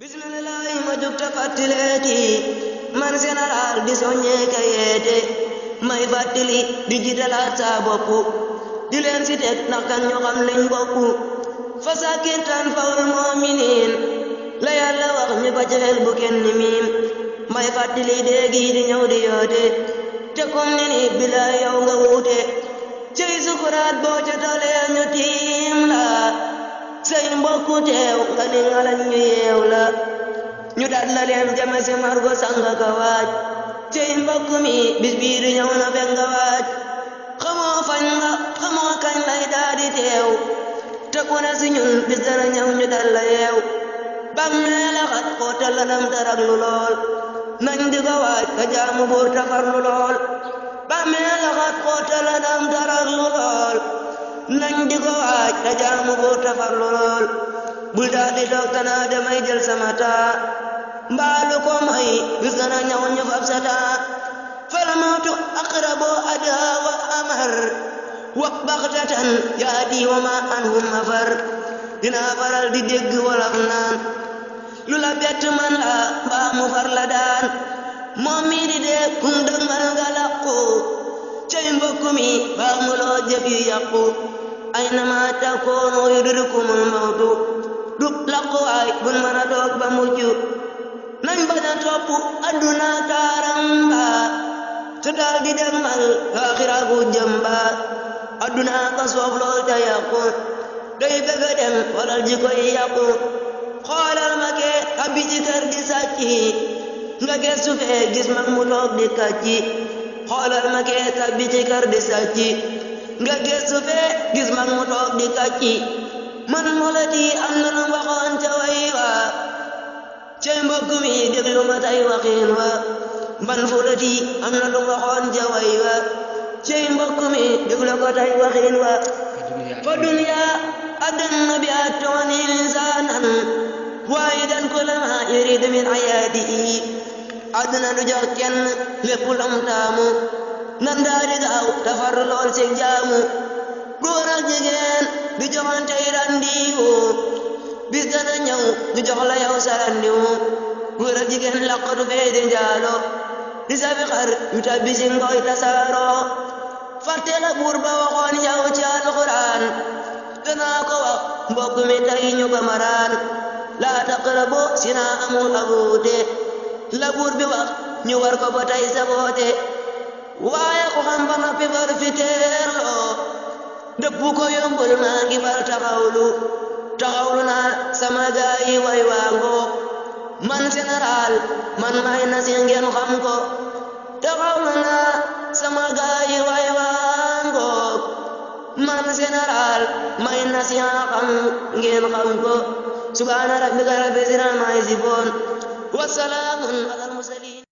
bismillaahi ma jóg te fàttileeki man général bi soññee ka yeete may fàttili di jiitalaat saa bopp di leen si teg ndax fa sàkkintaan fawul moominiin la yàlla wax ñu fa jexel bu kenn miim may fàttili déegi di ñëw di yoote te kom ne ni bilaay yow nga wuute cey sukuraat boo ca toolee ñu tii kay mbor teew nga ne ñu yeew la ñu daat la leen jame si margo sanga ka waaj cey mbokk mi bis na fekk waaj xamoo fañ nga xamoo kañ lay daa teew te ku si ñun bis dana ñëw ñu daat yeew bam mee la xat xootal la dam lool nañ di ko waaj jaamu buur tafar lu lool bam mee la xat xootal la dam lool nañ di ko waaj ta jaamu buur ta farlu lool bul daa di toog tanaa damay jël sama taa ko may bis dana ñaw ñu fal mawtu aqrabu adaa wa amar wa baxtatan yaati wa ma anhum mafar dinaa faral di dégg wolof naan lu la man la mbaa mu far la daan moom mi di dee kum dëgmal nga وجبي يقول أينما تكونوا يدرككم الموت du làqu waay bun mën a toog ba mucc nañ bañ a topp adduna taaram ba su daal di demal aaxira gu jëm ba adduna ka soof lool te yàqu day bëgg a dem walal ji koy yàqu xoolal ma kee abbi ci kër di sàcci nga gëstu fee gis mag mu toog di kàcci xoolal ma kee tabbi ci kër di sàcci nga geesu fee gis mag mu toog di kàcci man molati am na lu waxoon ca way wa cey mbokk mi déglu ma tay waxiin wa man fulati am na lu waxoon ca mbokk mi déglu ko tay waxiin wa fa dunya adanna bi atoni insanan waayidan kulama yurid min ayaadihi aduna du jox kenn lépp lam taamu nan daal di gaaw tafarru lool ci jaamu góor jigéen du joxante yi randiwu bis dana ñëw du jox la yow sa jigéen laqatu fee di njaalo di sabi xar yu tabbi si ngooy tasaaroo fàtte la buur ba waxoon yow ci alxuraan danaa ko wax mbokk mi tey ñu ko maraan laa taqrabu sinaa amul abuute la buur bi wax ñu war ko ba saboote waaye ku xam ba noppi far fi teerloo dëppu ko yombul maa ngi far taxawlu taxawlu naa sama gaa yi way waangoo man général man may na ngeen xam ko taxawlu naa sama gaa yi way waangoo man général may na si ngeen xam ko subhaana rabbika rabbil izzati ammaa yasifuun wa salaamun alal mursaliin